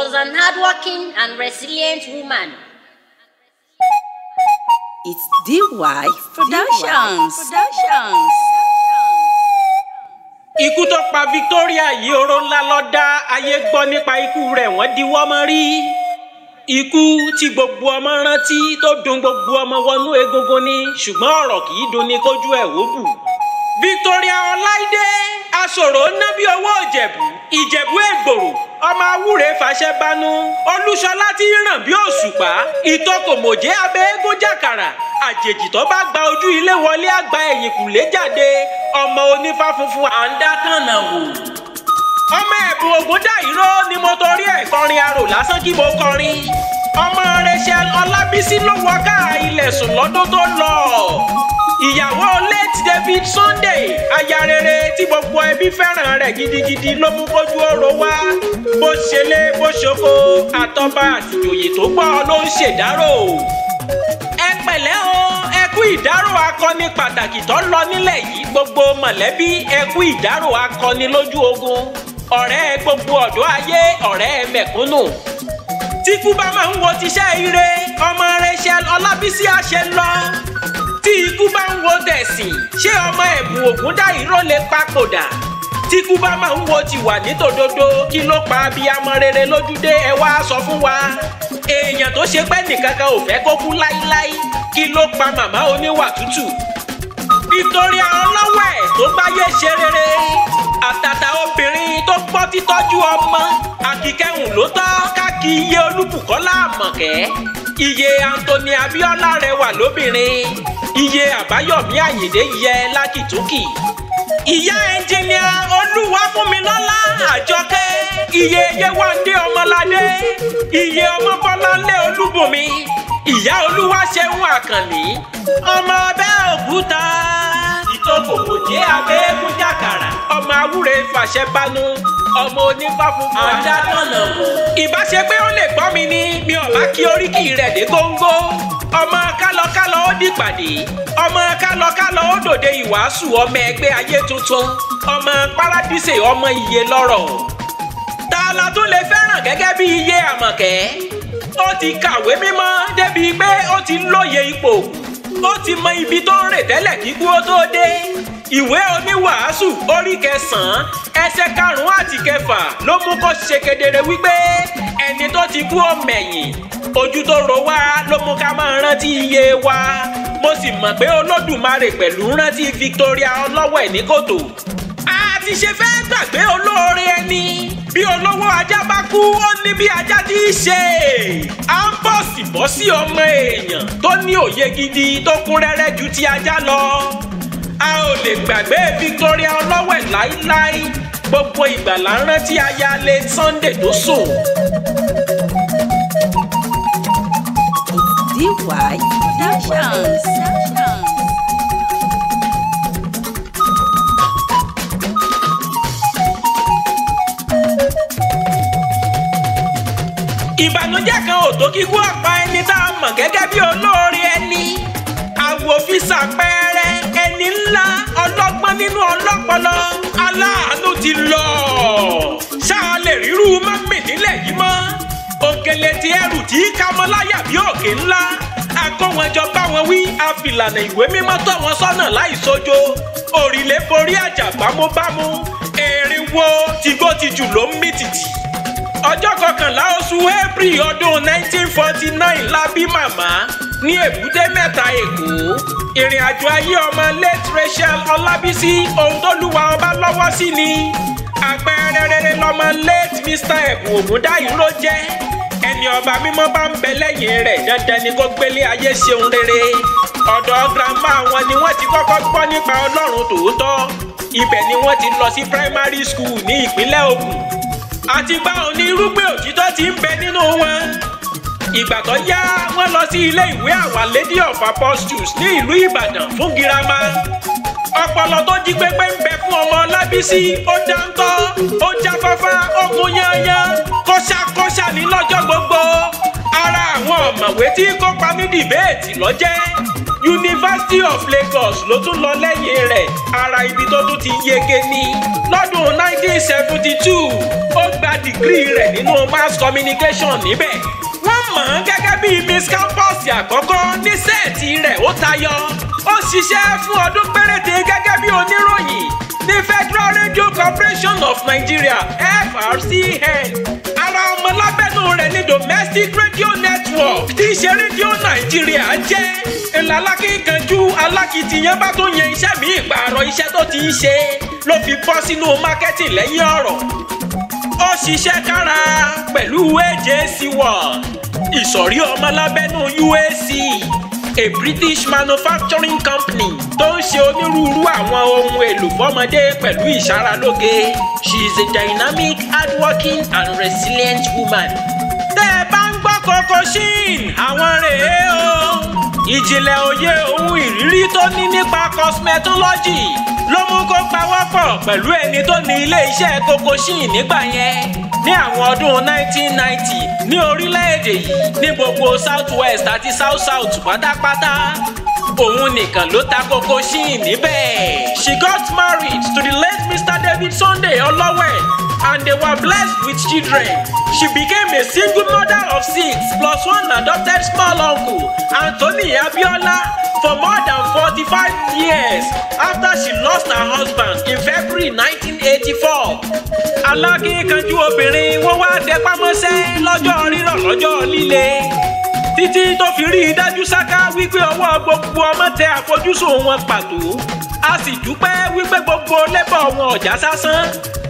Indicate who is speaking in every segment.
Speaker 1: was an hardworking and resilient woman. It's DY Productions. Productions. Ikú tó pa Victoria yìí oró ńlá lọ dá ayé gbọ́ nípa ikú rẹ̀ wọ́n diwọ́ mọ́ rí. Ikú tí gbogbo ọmọ rántí tó dùn gbogbo ọmọ wọnú egungun ni ṣùgbọ́n ọ̀rọ̀ kì í dunni kójú ẹ̀ wó bù. Victoria Ọláìdé sọ̀rọ̀ ná bí ọwọ́ ìjẹ̀bú ìjẹ̀bú ègbòrò ọmọ awúre fàṣẹ banú olúṣọlá tí ń ràn bí òṣùpá ìtọkòmòjé abẹ eégún jàkàrà àjèjì tó bá gba ojú ilé wọlé àgbà ẹ̀yìn kùlé jáde ọmọ onífá funfun à wò ọmọ ẹ̀bùn ògúndàìró ni mo torí ẹ̀ kọrin arò lásán kí mo kọrin ọmọ rachel ọlábísí ló wọ káà ilẹ̀ sùn lọ́dún tó lọ ìyàwó late David Sunday aya rere tí gbogbo ẹbí fẹ́ràn rẹ̀ gidigidi ló mú kójú ọ̀rọ̀ wá bó ṣelé bó ṣoko àtọba àtìjòyè tó gbọ́ ló ń ṣèdárò ẹ pẹ̀lẹ́ o ẹ kú ìdárò akọni pàtàkì tó lọ nílẹ̀ yìí gbogbo mọ̀lẹ́bí ẹ kú ìdárò akọni lójú ogun ọ̀rẹ́ gbogbo ọ̀dọ́ ayé ọ̀rẹ́ mẹ̀kúnnù tíkú bá máa ń wo tiṣẹ́ ire ọmọ rẹ̀ ṣe ọlábísí àṣẹ lọ tí ikú bá ń wo tẹ̀sìn ṣé ọmọ ẹ̀bùn Ògúndáìró lè papòdà tí ikú bá máa ń wo tìwà nítòdodo kí ló pa abiyamọ rere lójúdé ẹ wá sọ fún wa èèyàn tó ṣe pé nìkankan ò fẹ́ kó kú láíláí kí ló pa màmá oníwà tútù nítorí ọlọ́wọ́ ẹ̀ tó báyé ṣe rere àtàtà obìnrin tó gbọ́ títọ́jú ọmọ àkìkẹ́hùn ló tọ́ káàkiri iye Olúbùkọ́lá Àmọ̀kẹ́ iye Anthony Abíọ́lá rẹwà lóbìnrin iye àbáyọ̀mí àyìndé yẹ lákìtúkì ìyá ẹnjìníà olúwafúnmilọ́lá àjọkẹ́ iye yewande ọmọládé iye ọmọbọ́láńlé olúbùnmi ìyá olúwaṣẹ́hún àkànní ọmọ abẹ́òkúta ìtòkòkò jẹ́ abẹ́ẹ́kún jàkàrà ọmọ awúre fàṣẹ bánú ọmọ onífà funfun. àdádọ́nà wò. ìbáṣe ó lè gbọ́ mi ní mi ò bá kí oríkì rẹ̀ dé góńgó. ọmọ kálọkálọ ó dìpàdé ọmọ kálọkálọ ó dòde ìwàásù ọmọ ẹgbẹ́ ayé tuntun ọmọ párádísè ọmọ iye lọ́rọ̀. ta la tún lè fẹ́ràn gẹ́gẹ́ bí iye àmọ̀kẹ́. ó ti kàwé mímọ́ débi pé ó ti lóye ipò ó ti mọ ibi tó ń rè tẹ́lẹ̀ kíkú ó tó dé ìwé oníwàásù orí kẹsànán ẹsẹ karùnún àti kẹfà ló mú kó ṣe kedere wípé ẹni tó ti kú ọmẹyìn ojú tó ro wá ló mú ká máa rántí iye wa mo sì mọ̀ pé olódùmarè pẹ̀lú rántí Victoria ọlọ́wọ́ ẹ̀ ní kòtò àti ṣe fẹ́ gbàgbé olóore ẹni bí olówó ajá bá kú ó ní bí ajá ti í ṣe à ń bọ̀ sí bọ́ sí ọmọ èèyàn tó ní òye gidi tó kún rẹ́rẹ́ ju ti ajá lọ a ò lè gbàgbé Victoria ọlọ́wẹ̀ láíláí gbogbo ìgbà là ń rántí ayáálé Sunday tó sùn. DY Productions. ìbànújẹ́ kan ò tó kíkú ọ̀pá ẹni tá a mọ̀ gẹ́gẹ́ bí olóore ẹni àwòfíṣà pẹ́ẹ́ ẹni ńlá ọlọ́gbọ́n nínú ọlọ́pọlọ aláàánú ti lọ ṣáà lè rírú mágbè nílẹ̀ yìí mọ́ òkèlè ti ẹrù tí kámọ́láyà bí òkè ńlá akó wọn jọ bá wọn wí àfìlànà ìwé mímọ́ tọ́ wọn sọ́nà láì sojo òrìlé borí àjà bámúbámú erin wo tìgbó ti jù ló ń mì tìtì ọjọ́ kọkànlá oṣù april ọdún 1949 la bí màmá ní èbúté mẹ́ta èkó ìrìn àjò ayé ọmọ late Rachel Ọlábísí Ohùntólúwa ọba lọ́wọ́ sí ni àpẹẹrẹ rere lọmọ late Mr. Ẹ̀bùn Ògúndáyìí ló jẹ́ ẹni ọba mímọ́ bá ń bẹ lẹ́yìn rẹ̀ dandan ni kó gbélé ayé ṣeun rere ọ̀dọ̀ grandma wọn ni wọ́n ti kọ́kọ́ gbọ́ nípa Ọlọ́run tòótọ́ ibẹ̀ ni wọ́n ti lọ sí primary school ní ìpínlẹ̀ Ògùn àti bá onírúgbìn òtítọ́ ti ń bẹ nínú wọn ìgbà tó yá wọ́n lọ sí ilé ìwé àwa lady of apostles ní ìlú ìbàdàn fún girama ọpọlọ tó jí pépé ń bẹ fún ọmọ lábísí ó dáńtọ́ ó jáfáfá ó kún yányán kọ́ṣákọ́ṣá ní lọ́jọ́ gbogbo ara àwọn ọ̀mọ̀wé tí kópa ní dìbéètì lọ́jẹ́ University of Lagos ló tún lọ lẹ́yìn rẹ̀ ara ibi tó tún ti yege ni lọ́dún 1972 ó gba dìgírì rẹ̀ nínú mass communication níbẹ̀ bíi miss campus àkọ́kọ́ ní sẹ́ẹ̀tì rẹ̀ ó tayọ ó ṣiṣẹ́ fún ọdún péréte gẹ́gẹ́ bí oníròyìn ní Federal Radio Corporation of Nigeria FRCN ara ọmọ lábẹ́nu rẹ̀ ní Domestic Radio Network tí í ṣe rédíò Nàìjíríà jẹ́ ìlàlákìkanjú alákìtìyàn bá tó yan iṣẹ́ mi ìpààrọ̀ iṣẹ́ tó ti ń ṣe ló fi bọ́ sínú marketing lẹ́yìn ọ̀rọ̀ ó ṣiṣẹ́ kára pẹ̀lú AJC1 ìsọ̀rí ọmọ lábẹ́nú UAC a British manufacturing company tó ń ṣe onírúurú àwọn ohun èlò fọ́mọdé pẹ̀lú ìṣaralóge she is a dynamic hardworking and resilient woman. tẹ́ ẹ bá ń gbọ́ kokoshin àwọn rèé o ìjìnlẹ̀ òye ohun ìrírí tó ní nípa cosmetology ló mú kó pawọ́pọ̀ pẹ̀lú ẹni tó ní ilé iṣẹ́ kokoshin nígbà yẹn ní àwọn ọdún 1990 ní orílẹ̀-èdè yìí ní gbogbo south west àti south south pátápátá òun nìkan ló ta kókó ṣìn níbẹ̀. she got married to the late Mr. David Sunday Ọlọ́wẹ̀ and they were blessed with children. She became a single mother of six plus one adopted small uncle, Anthony Abiola, for more than 45 years after she lost her husband in February 1984. Alákìíkanjú obìnrin wọ́n wá lọ́jọ́ líle títí tó fi rí i dájú sáká wípé ọwọ́ gbogbo ọmọ tẹ àfojúsùn wọn pàtó a sì dúpẹ́ wípé gbogbo lẹ́bọ̀ wọn ọ̀já sásán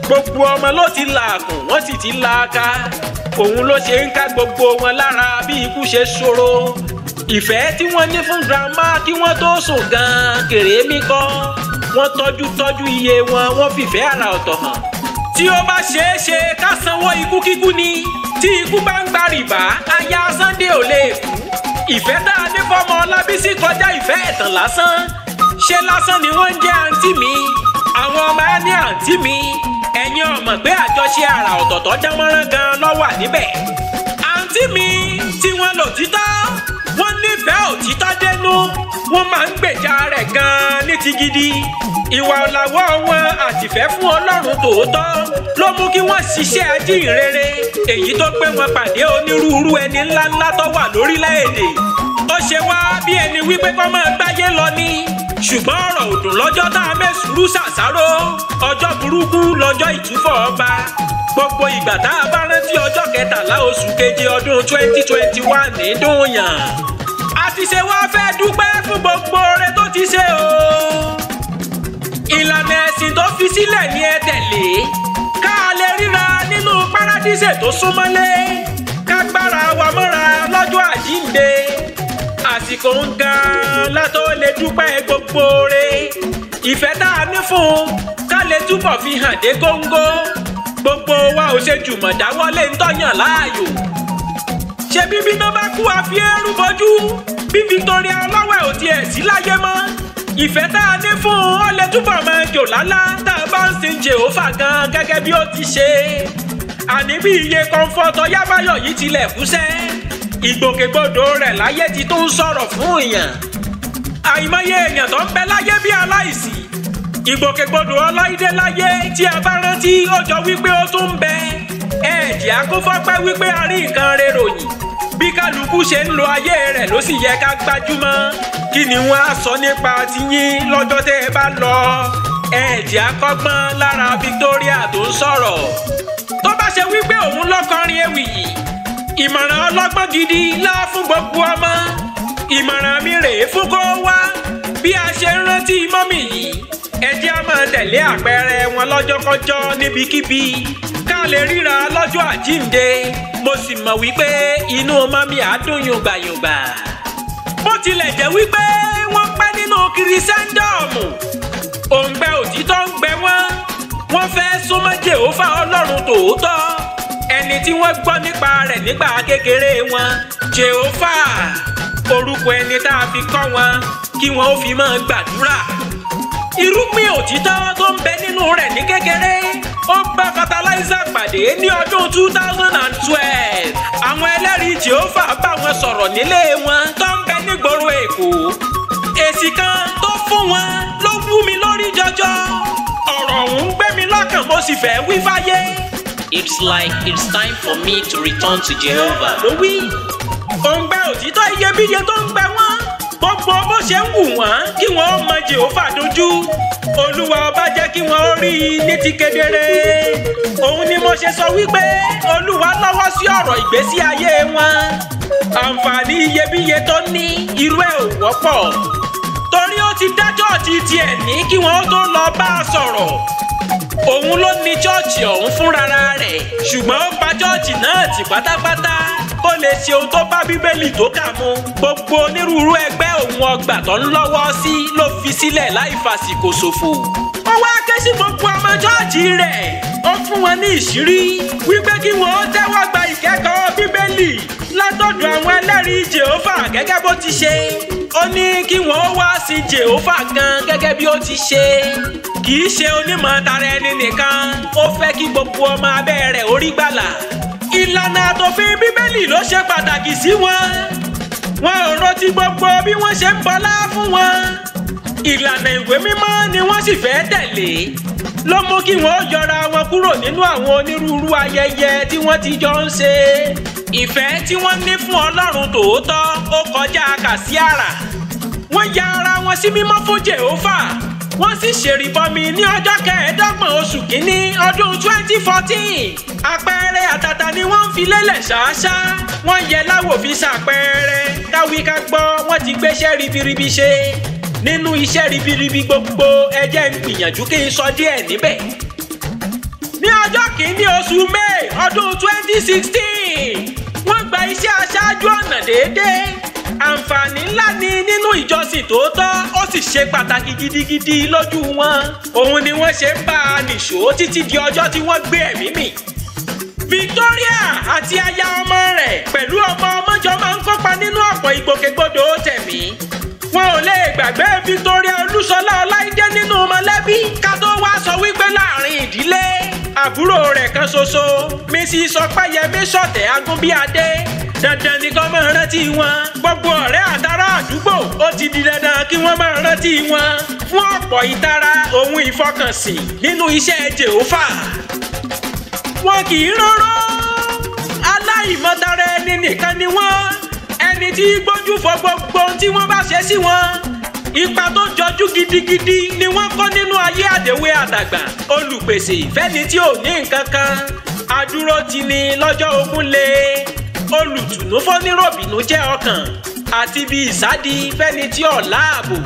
Speaker 1: gbogbo ọmọ ló ti làákùn wọ́n sì ti làákà òun ló ṣe ń ká gbogbo wọn lára bí ikú ṣe ṣòro ìfẹ́ tí wọ́n ní fún girama kí wọ́n tó sùn gan-an kèrèmí kọ́ wọ́n tọ́jú tọ́jú iye wọn wọ́n fìfẹ́ àrà ọ̀tọ̀ hàn tí ó bá ṣeé ṣe ká sanwó ikú kíkú ni tí ikú bá ń gba rìbá aya Sunday ò lè kú ìfẹ́ tá a ní fọmọ Ọlábísí kọjá ìfẹ́ ẹ̀tàn lásán ṣé lásán ni wọ́n ń jẹ́ àǹtí mi àwọn ọmọ ẹ ní àǹtí mi ẹ̀yin ọmọ pé àjọṣe àrà ọ̀tọ̀tọ̀ jámọ́rán gan-an ló wà àǹtí mi tí wọ́n lò títọ́ wọ́n nífẹ̀ẹ́ òtítọ́ dénú wọ́n máa ń gbèjà rẹ̀ gan-an ní ti gidi ìwà ọ̀làwọ́ wọn àtìfẹ́ fún ọlọ́run tòótọ́ ló mú kí wọ́n ṣiṣẹ́ ajíhìnrere èyí tó pé wọn pàdé onírúurú ẹni ńláńlá tó wà lórílẹ̀‐èdè ó ṣe wá bí ẹni wípé kọ́ máa gbáyé lọ ni ṣùgbọ́n ọ̀rọ̀ òdùn lọ́jọ́ tá a mẹ́sùrú ṣàṣàrò ọjọ́ burúkú lọ́jọ́ ìtúfọ̀ ọba gbogbo ìgbà tá a bá rántí ọjọ́ kẹtàlá oṣù keje ọdún twenty twenty one ní dùn yàn àti ṣe wá fẹ́ dúpẹ́ fún gbogbo oore tó ti ṣe o ìlànà ẹ̀sìn tó fi sílẹ̀ ni ẹ tẹ̀lé ká a lè ríra nínú párádísè tó súnmọ́lé ká gbára wa mọ́ra lọ́jọ́ àjíǹde àsìkò ń gan látó lè dúpẹ́ gbogbo re ìfẹ́ tá a ní fún ká lè túbọ̀ fi hàn dé góńgó gbogbo wa ò ṣe jùmọ̀ dáwọ́lé ń tọ́yàn láàyò ṣe bíbí náà bá kú àfi ẹrú bọjú bí Victoria ọlọ́wẹ̀ ò tiẹ̀ sí láyé mọ́ ìfẹ́ tá a ní fún un ó lè túbọ̀ máa jò lálá tá a bá ń sin jehova gan gẹ́gẹ́ bí ó ti ṣe àní bí iye kọ́ńfọ́tọ̀ yábáyọ̀ yìí tilẹ̀ kúṣẹ́ ìgbòkègbodò rẹ̀ láyé ti tó ń sọ̀rọ̀ fún èèyàn àìmọye èèyàn tó ń bẹ láyé bí aláìsí ìgbòkègbodò ọláìdé láyé tí a bá rántí ó jọ wípé ó tún ń bẹ ẹ̀ẹ́dì akófọ́pẹ́ wípé a rí nǹkan rẹ̀ ròyìn bí kálukú ṣe ń lo ayé rẹ̀ ló sì yẹ ká gbájúmọ́ kí ni wọ́n á sọ nípa tiyín lọ́jọ́ tẹ́ ẹ bá lọ ẹ̀jẹ̀ akọ́gbọ́n lára Victoria tó ń sọ̀rọ̀ tó bá ṣe wípé òun lọ́kọrin ewì yìí ìmọ̀ràn ọlọ́gbọ́n gidi lá fún gbogbo ọmọ ìmọ̀ràn mi rèé fún kó wá bí a ṣe ń rántí mọ́mì yìí ẹ jẹ́ á máa tẹ̀lé àpẹẹrẹ wọn lọ́jọ́kọjọ́ níbikíbi ká lè ríra lọ́jọ́ àjíǹde mo sì mọ̀ wípé inú mọ́mì á dùn yùngbàyùngbà bó tilẹ̀ jẹ́ wípé wọ́n pẹ́ nínú kìrìsẹ́ńdọ̀mù òǹgbẹ òtítọ́ ń gbẹ wọ́n wọ́n fẹ́ súnmọ́ jèhófà ọlọ́run tòótọ́ ẹni tí wọ́n gbọ́ nípa rẹ̀ nígbà kékeré wọn jèhófà orúkọ ẹni tá a fi kọ́ wọn kí wọ́n ó fi máa gbàdúrà irúgbìn òtítọ́ tó ń bẹ nínú rẹ̀ ní kékeré ó bá fatalaisa pàdé ní ọdún two thousand and twelve àwọn ẹlẹ́rìí jèhófà bá wọn sọ̀rọ̀ nílé wọn tó ń nígboro èkó èsì kan tó fún wọn ló wú mi lórí jọjọ ọ̀rọ̀ ọ̀hún gbé mi lọ́kàn mo sì fẹ́ wí fáyé. it's like it's time for me to return to Jehovah. ló wí òǹgbẹ òtítọ́ iyebíye tó ń gbẹ wọ́n gbogbo bó ṣe ń wù wọ́n kí wọ́n mọ jehova dojú olúwa ọba jẹ́ kí wọ́n rí i ní ti kedere òun ni mo ṣe sọ wípé olúwa lọ́wọ́ sí ọ̀rọ̀ ìgbésí ayé wọn àǹfààní iyebíye tó ní irú ẹ̀ ò wọ́pọ̀ torí ó ti dá chọ́ọ̀chì tiẹ̀ ní kí wọ́n tó lọ bá a sọ̀rọ̀ òun ló ní chọ́ọ̀chì ọ̀hún fúnra rẹ̀ ṣùgbọ́n ó pa chọ́ọ̀chì náà tì pátápátá ó lè ṣe ohun tó bá bíbélì tó kà mu gbogbo onírúurú ẹgbẹ́ òun ọgbà tó ń lọ́wọ́ sí ló fi sílẹ̀ láì fàsìkò ṣòfò ó wá ké sí gbogbo ọmọ jọ́ọ̀jì rẹ̀ ó fún wọn ní ìṣírí wípé kí wọn ó tẹ́wọ́ gba ìkẹ́kọ̀ọ́ bíbélì látọ̀dọ̀ àwọn ẹlẹ́rìí jèhófà gẹ́gẹ́ bó ti ṣe ó ní kí wọn ó wá sí jèhófà gan gẹ́gẹ́ bí ó ti ṣe kì í ṣe onímọ̀ tara ẹni nìkan ó fẹ́ kí gbogbo ọmọ abẹ́ rẹ̀ orí gbàlà ìlànà àtòfin bíbélì ló ṣe pàtàkì sí wọn wọn ò rántí gbogbo bí wọ́n ṣe ń bọlá fún wọn ìlànà ìwé mímọ́ ni wọ́n sì fẹ́ tẹ̀lé ló mú kí wọ́n yọra wọn kúrò nínú àwọn onírúurú ayẹyẹ tí wọ́n ti jọ ń ṣe ìfẹ́ tí wọ́n ní fún ọlọ́run tòótọ́ ó kọjá kàsíàrà wọ́n ya ara wọn sí mímọ́ fún jèhófà wọ́n sì ṣèrìbọmi ní ọjọ́ kẹẹ̀ẹ́dọ́gbọ̀n oṣù kínní ọdún twenty fourteen apẹ́ àpẹẹrẹ àtàtà ni wọ́n ń fi lélẹ̀ ṣáṣá wọ́n yẹ láwò fi ṣàpẹẹrẹ káwí ká gbọ́ wọ́n ti gbéṣẹ́ ribiribi ṣe nínú iṣẹ́ ribiribi gbogbo ẹ ń gbìyànjú kí n sọ díẹ̀ níbẹ̀. ní ọjọ́ kìíní oṣù may ọdún 2016 wọ́n gba iṣẹ́ aṣáájú ọ̀nà déédéé àǹfààní ńlá ni nínú ìjọsìn tòótọ́ ó sì ṣe pàtàkì gidigidi lójú wọn òun ni wọ́n ṣe ń bá a nìṣó títí di ọjọ́ tí wọ́n gbé ẹ̀mí mì. Victoria àti aya ọmọ rẹ̀ pẹ̀lú ọmọ ọmọjọ máa ń kópa nínú ọ̀pọ̀ ìgbòkègbodò tẹ̀mí wọn ò lè gbàgbé Victoria Olúṣọlá Ọláìdé nínú mọ̀lẹ́bí ká tó wá sọ wípé láàrin ìdílé àbúrò rẹ̀ kan ṣoṣo Mrs Ọpẹ́yẹmí Ṣọ̀tẹ̀ Agúnbíadé dandan ni kọ́ máa rántí wọn. gbogbo ọ̀rẹ́ àtàrà àdúgbò ó ti di dandan kí wọ́n máa rántí wọn. fún ọ̀pọ̀ ìtara ohun ìfọkànsìn nínú iṣẹ́ Jèhófà wọn kì í rọrọ aláìmọ̀tara ẹni nìkan ni wọ́n ẹni tí gbójú fọ gbogbo tí wọ́n bá ṣe sí wọn ipa tó jọjú gidigidi ni wọ́n kó nínú ayé àdéwé àdàgbà olùpèsè fẹ́ni tí ò ní nǹkan kan adúró ti ni lọ́jọ́ ogún lé olùtùnú fọ́nírọ̀bìnú jẹ́ ọkàn àti bíi ìsádi fẹ́ni tí ò láàbò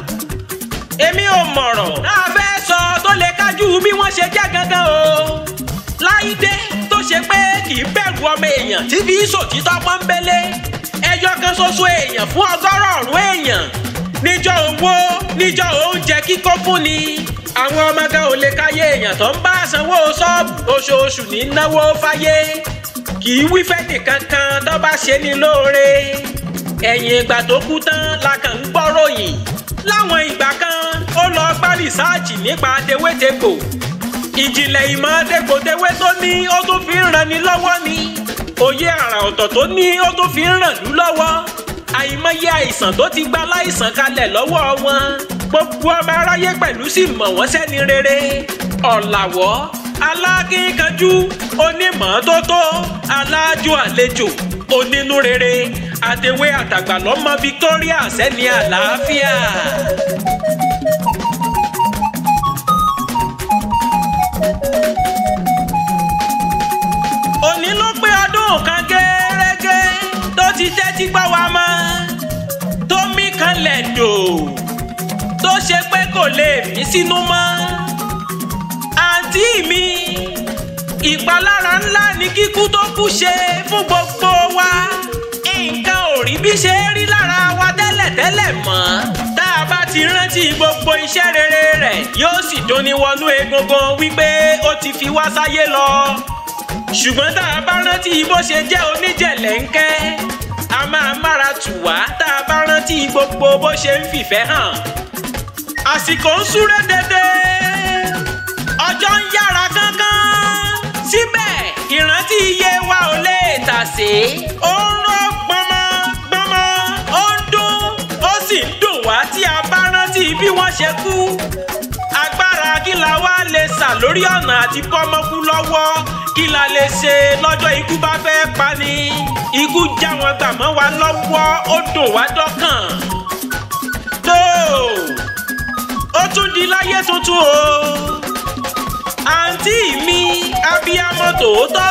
Speaker 1: èmi ò mọ̀rọ̀ náà fẹ́ sọ tó lè kájú bí wọ́n ṣe jẹ́ gangan o láìdé tó ṣe pé kì í bẹ̀rù ọmọ èèyàn tí fi í sòtítọ́ pọ́nbélé ẹyọ kan ṣoṣo èèyàn fún ọgọ́rọ̀ ọ̀rún èèyàn níjọ́ owó níjọ́ oúnjẹ kíkó fún ni àwọn ọmọge ò lè káyé èèyàn tó ń bá sanwó ṣọ́ọ̀bù oṣooṣù ní náwó fáyé kì í wífẹ́ nìkan kan tó bá ṣe ní lóore ẹ̀yìn ìgbà tó kú tán la kàn ń gbọ́ ròyìn láwọn ìgbà kan ó lọ gbá rìsáàjì nípa tewétegbò ìjìnlẹ̀ ìmọ̀ dẹ́gbòdẹ́wé tó ní ó tún fi ń ranni lọ́wọ́ ni òye àrà ọ̀tọ̀ tó ní ó tún fi ń ràn lú lọ́wọ́ àìmọye àìsàn tó ti gba láìsàn kalẹ̀ lọ́wọ́ wọn gbogbo ọba aráyé pẹ̀lú sì mọ̀ wọ́n sẹ́ni rere ọ̀làwọ́ alákínkanjú onímọ̀tótó aláàjò àlejò onínú rere àtẹwé àtàgbà lọ́mọ Victoria sẹ́ni àlàáfíà. gbólóhùn kan gẹ́gẹ́ tó ti tẹ́tí gbá wa mọ́ tó mí kanlẹ̀ dò tó ṣe pé kò lè mí sínú mọ́ àǹtí mi ìpalára ńlá ni kíkú tó kú ṣe fún gbogbo wa nǹkan ò rí bí ṣe rí lára wa tẹ́lẹ̀tẹ́lẹ̀ mọ́ tá a bá ti rántí gbogbo iṣẹ́ rere rẹ̀ yóò sì dùnni wọnú egungun wípé ó ti fi wá sáyé lọ ṣùgbọ́n tá a bá rántí bó ṣe jẹ́ oníjẹ̀lẹ́ńkẹ́ a máa mára tù wá tá a bá rántí gbogbo bó ṣe ń fìfẹ́ hàn àsìkò ń súré dédé ọjọ́ ń yára kánkán síbẹ̀ ìrántí iye wa ò lè tàsé ó ń rọ gbọmọ gbọmọ ó ń dún ó sì ń dùn wá tí a bá rántí bí wọ́n ṣe kú lórí ọ̀nà àti bọ́mọ́kú lọ́wọ́ kí la lè ṣe lọ́jọ́ ikú bá fẹ́ pani ikú já wọn gbà mọ́ wa lọ́wọ́ ó dùn wá dọ́kàn tó ó tún di láyé tuntun o àǹtí mi abiyamọ tòótọ́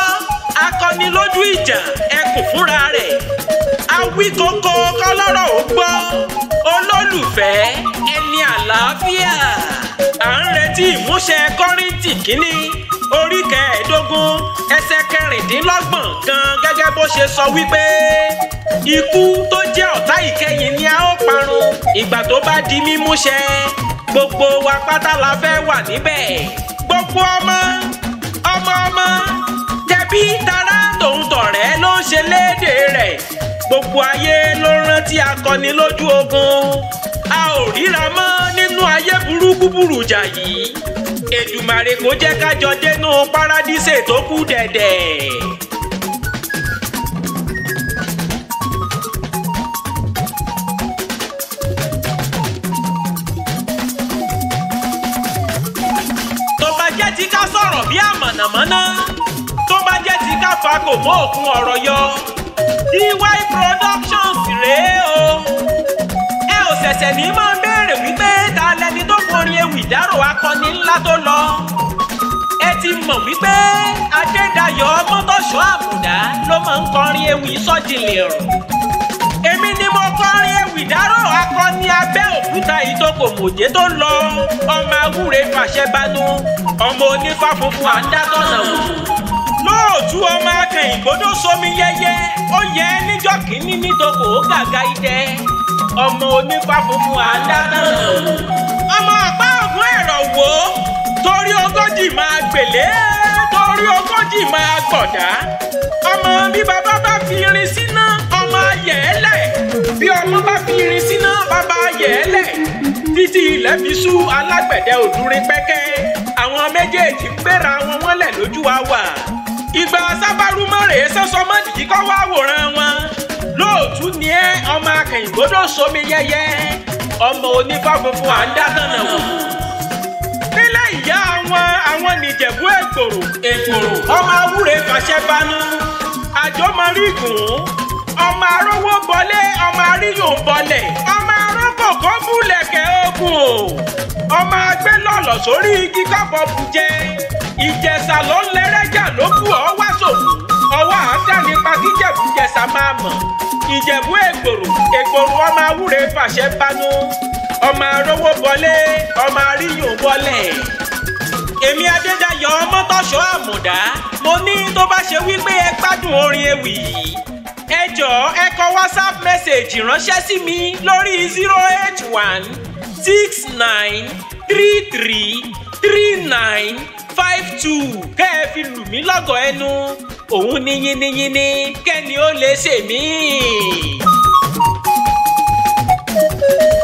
Speaker 1: akọni lójú ìjà ẹkùn fúnra rẹ̀ awí kókó kọlọ́rọ̀ ò gbọ́ olólùfẹ́ ẹni àlàáfíà à ń retí ìmúṣẹ kọ́ríntì kínní orí kẹẹ̀ẹ́dógún ẹsẹ̀ kẹrìndínlọ́gbọ̀n gan gẹ́gẹ́ bó ṣe sọ wípé ikú tó jẹ́ ọ̀tá ìkẹyìn ni a ó parun ìgbà tó bá di mímúṣẹ gbogbo wa pátá la fẹ́ wà níbẹ̀ gbogbo ọmọ ọmọ ọmọ tẹbí tará tòun tọ̀rẹ́ ló ń ṣe léde rẹ̀ gbogbo ayé ló rántí akọni lójú ogun a ò ríra mọ́ nínú ayé burúkú burújà yìí Èdùmàrè kò jẹ́ kájọ dénú párádísè tó kù dẹ̀dẹ̀. tó bá jẹ́ ti ká sọ̀rọ̀ bí àmọ̀nàmọ́ná tó bá jẹ́ ti ká fa kò mọ́ òkun ọ̀rọ̀ yọ DY Productions rèé o ẹ ò ṣẹ̀ṣẹ̀ ní máa ń fìdárò akọni ńlá tó lọ ẹ ti mọ̀ wípé adédayọ̀ ọmọtọ́ṣọ́ àbùdá ló máa ń kọrin ewì sọ́jìnlẹ̀ ọ̀rọ̀ èmi ni mo kọrin ewì dárò akọni abẹ́òkúta ìtòkòmòjé tó lọ ọmọ awúre fàṣẹ bánú ọmọ onífà funfun àńdátọ̀nà wò lóòtú ọmọ akẹ́yìnbódó somi yẹyẹ ó yẹ níjọ́ kínní nítòkò gàgà idẹ ọmọ onífà funfun àńdátọ̀nà wò ọmọ gbọ́dọ̀ wò ó torí ogójì máa gbèlé torí ogójì máa gbọ̀dá ọmọ bí bàbá bá fi irin síná ọmọ ayẹ̀ ẹ́ lẹ̀ bí ọmọ bá fi irin síná bàbá ayẹ̀ ẹ́ lẹ̀ títí ilẹ̀ fi ṣú alágbẹ̀dẹ òdúrin pẹ́kẹ́ àwọn méjèèjì ń gbéra wọn mọ́lẹ̀ lójú wa wà ìgbà sábàrúmọ́ rèé sọ́sọ́ mọ́ kọ́ wá wòran wọn lóòtú ni ẹ ọmọ akẹ́yìnbó ló somi yẹyẹ ọmọ onífà funfun à ń dá tànà wò nílé ìyá wọn àwọn nìjẹ̀bú èkòrò èkòrò ọmọ awúre fàṣẹ banú àjọmọrígùn ọmọ arówó bọlé ọmọ aríyùn bọlẹ̀ ọmọ arókòkò múlẹ̀kẹ̀ ogun o ọmọ agbélọ̀lọ̀ sórí igi kábọ̀ bùjẹ ìjẹsà ló ń lẹ́rẹ́jà ló kù ọ́ wá sòkù ọwọ́ àádá nípa kíjẹ̀bú jẹsà máa mọ̀ ìjẹ̀bú èkòrò èkòrò ọmọ awúre fàṣẹ ọmọ arówó bọlé ọmọ aríyùn bọlẹ̀ èmi adédayọ̀ ọmọtọ́ṣọ́ àmùdá mo ní tó bá ṣe wípé ẹ gbádùn orin ewì yìí ẹ jọ̀ọ́ ẹ kọ whatsapp message ránṣẹ́ sí mi lórí zero eight one six nine three three three nine five two kẹ́ ẹ fi lù mí lọ́gọ̀ ẹnu òun ní yínníyínní kẹ́ni ó lè ṣèmí. thank you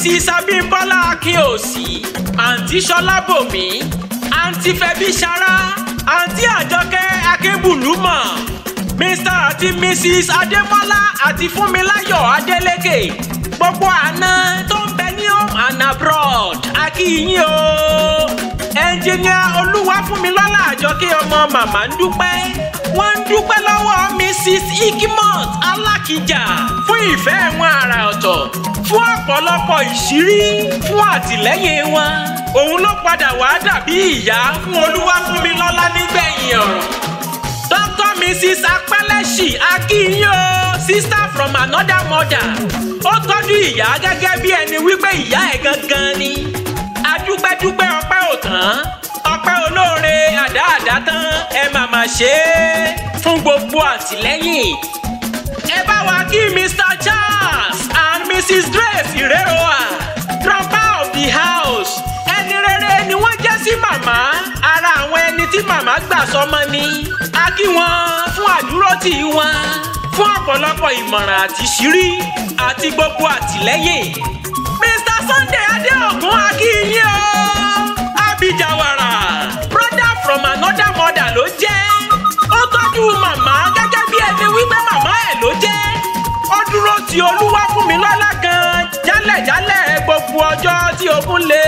Speaker 1: mrs abímbọ́lá akínòsì àǹtí ṣọlábòmí àǹtí fẹbíṣará àǹtí àjọkẹ́ akébùlùmọ̀ mr àti mrs adébọ́lá àti fúnmiláyọ̀ adélékè gbogbo àna tó ń bẹ ní home and abroad a kí o ẹnjìníà olúwàfúnmilọ́lá àjọkẹ́ ọmọ màmá ń dúpẹ́ wọ́n ń dúpẹ́ lọ́wọ́ mrs ikimot alákìjà fún ìfẹ́ wọn àrà ọ̀tọ̀ fún ọ̀pọ̀lọpọ̀ ìṣírí fún àtìlẹ́yìn wọn òun ló padà wàá dàbí ìyá fún olúwàfúnmilọ́lá nígbẹ̀yìn ọ̀rọ̀ dr mrs apẹlẹsì akínyó sister from another mother ó tọ́jú ìyá gẹ́gẹ́ bí ẹni wípé ìyá ẹ̀ gangan ni dúpẹ́ dúpẹ́ ọpẹ́ ò tán ọpẹ́ olóore àdá àdá tán ẹ má má ṣe é fún gbogbo àtìlẹ́yìn. ẹ bá wa kí Mr. Charles and Mrs. Grace Ireroa proper of the house ẹni rere ni wọ́n jẹ́ sí màmá ara àwọn ẹni tí màmá gbà sọmọ ni a kí wọn fún àdúrótì wọn fún ọ̀pọ̀lọpọ̀ ìmọ̀ràn àti ṣírí àti gbogbo àtìlẹ́yìn. Mr. Sunday Adéògùn akínyìn o. Jawara brother from another mother ló jẹ́ ó tọ́jú màmá gẹ́gẹ́ bí ẹni wípé màmá ẹ̀ ló jẹ́ ó dúró ti olúwa fún mi lọ́lá gan jálẹ̀jálẹ̀ gbogbo ọjọ́ tí ogun le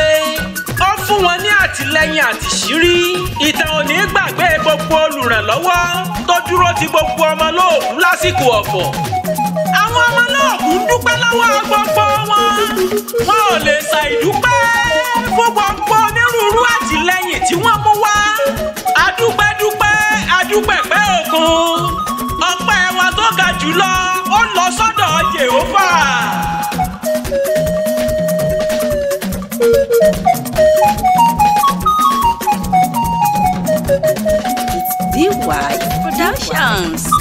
Speaker 1: fún wọn ní àtìlẹ́yìn àtìṣírí ìtàn òní gbàgbé gbogbo olùrànlọ́wọ́ tó dúró ti gbogbo ọmọ lóòkú lásìkò ọ̀fọ̀ àwọn ọmọ lóòkú dúpẹ́ lọ́wọ́ gbogbo wọn wọn ò lè ṣàìdúpẹ́ fún gbogbo onírúurú àtìlẹ́yìn tí wọ́n mú wá adúpẹ́dúpẹ́ adúpẹ́pẹ́ òkun ọpẹ́ wa tó ga jùlọ ó lọ sọ́dọ̀ Jèhófà. Productions